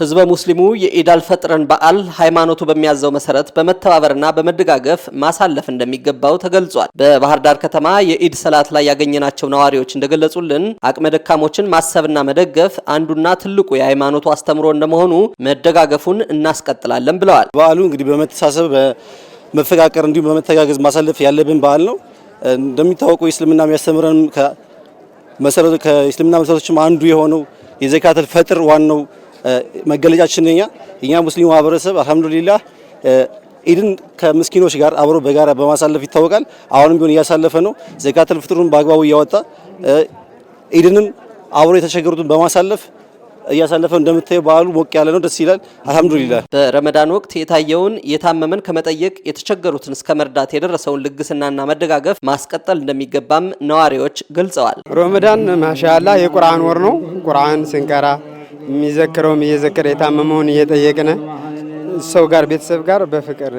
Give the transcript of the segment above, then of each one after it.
ህዝበ ሙስሊሙ የኢዳል ፈጥርን በዓል ሃይማኖቱ በሚያዘው መሰረት በመተባበርና በመደጋገፍ ማሳለፍ እንደሚገባው ተገልጿል። በባህር ዳር ከተማ የኢድ ሰላት ላይ ያገኘናቸው ነዋሪዎች እንደገለጹልን አቅመ ደካሞችን ማሰብና መደገፍ አንዱና ትልቁ የሃይማኖቱ አስተምሮ እንደመሆኑ መደጋገፉን እናስቀጥላለን ብለዋል። በዓሉ እንግዲህ በመተሳሰብ በመፈቃቀር እንዲሁም በመተጋገዝ ማሳለፍ ያለብን በዓል ነው። እንደሚታወቀው የእስልምና የሚያስተምረን ከእስልምና መሰረቶችም አንዱ የሆነው የዘካተል ፈጥር ዋናው መገለጫችን። እኛ ሙስሊም ማህበረሰብ አልሐምዱሊላህ ኢድን ከምስኪኖች ጋር አብሮ በጋራ በማሳለፍ ይታወቃል። አሁንም ቢሆን እያሳለፈ ነው። ዘካተል ፍጥሩን በአግባቡ እያወጣ ኢድንም አብሮ የተቸገሩትን በማሳለፍ እያሳለፈ እንደምታየው በዓሉ ሞቅ ያለ ነው። ደስ ይላል። አልሐምዱሊላህ በረመዳን ወቅት የታየውን የታመመን ከመጠየቅ የተቸገሩትን እስከ መርዳት የደረሰውን ልግስናና መደጋገፍ ማስቀጠል እንደሚገባም ነዋሪዎች ገልጸዋል። ረመዳን ማሻላ የቁርአን ወር ነው። ቁርአን ስንቀራ የሚዘክረውም እየዘከረ የታመመውን እየጠየቅነ ሰው ጋር ቤተሰብ ጋር በፍቅር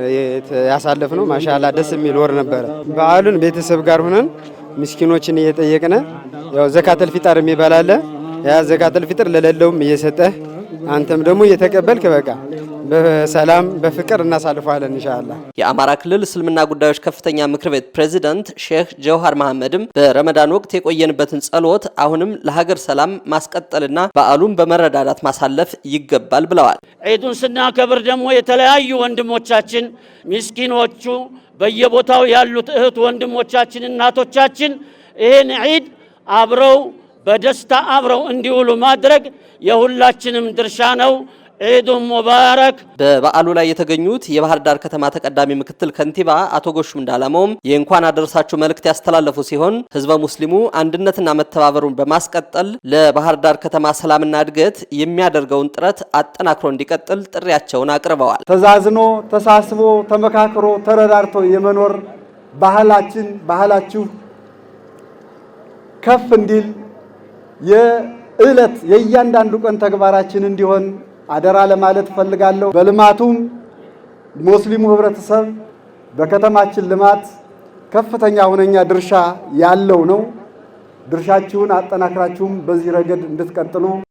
ያሳለፍ ነው። ማሻላ ደስ የሚል ወር ነበረ። በዓሉን ቤተሰብ ጋር ሁነን ምስኪኖችን እየጠየቅነ ያው ዘካተል ፊጣር የሚባል አለ። ያ ዘካተል ፊጥር ለሌለውም እየሰጠ አንተም ደግሞ እየተቀበልክ በቃ በሰላም በፍቅር እናሳልፈዋለን እንሻላ። የአማራ ክልል እስልምና ጉዳዮች ከፍተኛ ምክር ቤት ፕሬዚዳንት ሼህ ጀውሃር መሐመድም በረመዳን ወቅት የቆየንበትን ጸሎት አሁንም ለሀገር ሰላም ማስቀጠልና በዓሉን በመረዳዳት ማሳለፍ ይገባል ብለዋል። ዒዱን ስናከብር ደግሞ የተለያዩ ወንድሞቻችን ሚስኪኖቹ፣ በየቦታው ያሉት እህት ወንድሞቻችን፣ እናቶቻችን ይህን ዒድ አብረው በደስታ አብረው እንዲውሉ ማድረግ የሁላችንም ድርሻ ነው። ዒዱ ሙባረክ። በበዓሉ ላይ የተገኙት የባህር ዳር ከተማ ተቀዳሚ ምክትል ከንቲባ አቶ ጎሹም እንዳላመውም የእንኳን አደረሳችሁ መልእክት ያስተላለፉ ሲሆን ህዝበ ሙስሊሙ አንድነትና መተባበሩን በማስቀጠል ለባህር ዳር ከተማ ሰላምና እድገት የሚያደርገውን ጥረት አጠናክሮ እንዲቀጥል ጥሪያቸውን አቅርበዋል። ተዛዝኖ ተሳስቦ ተመካክሮ ተረዳርቶ የመኖር ባህላችን ባህላችሁ ከፍ እንዲል የዕለት የእያንዳንዱ ቀን ተግባራችን እንዲሆን አደራ ለማለት እፈልጋለሁ። በልማቱም ሙስሊሙ ህብረተሰብ በከተማችን ልማት ከፍተኛ ሁነኛ ድርሻ ያለው ነው። ድርሻችሁን አጠናክራችሁም በዚህ ረገድ እንድትቀጥሉ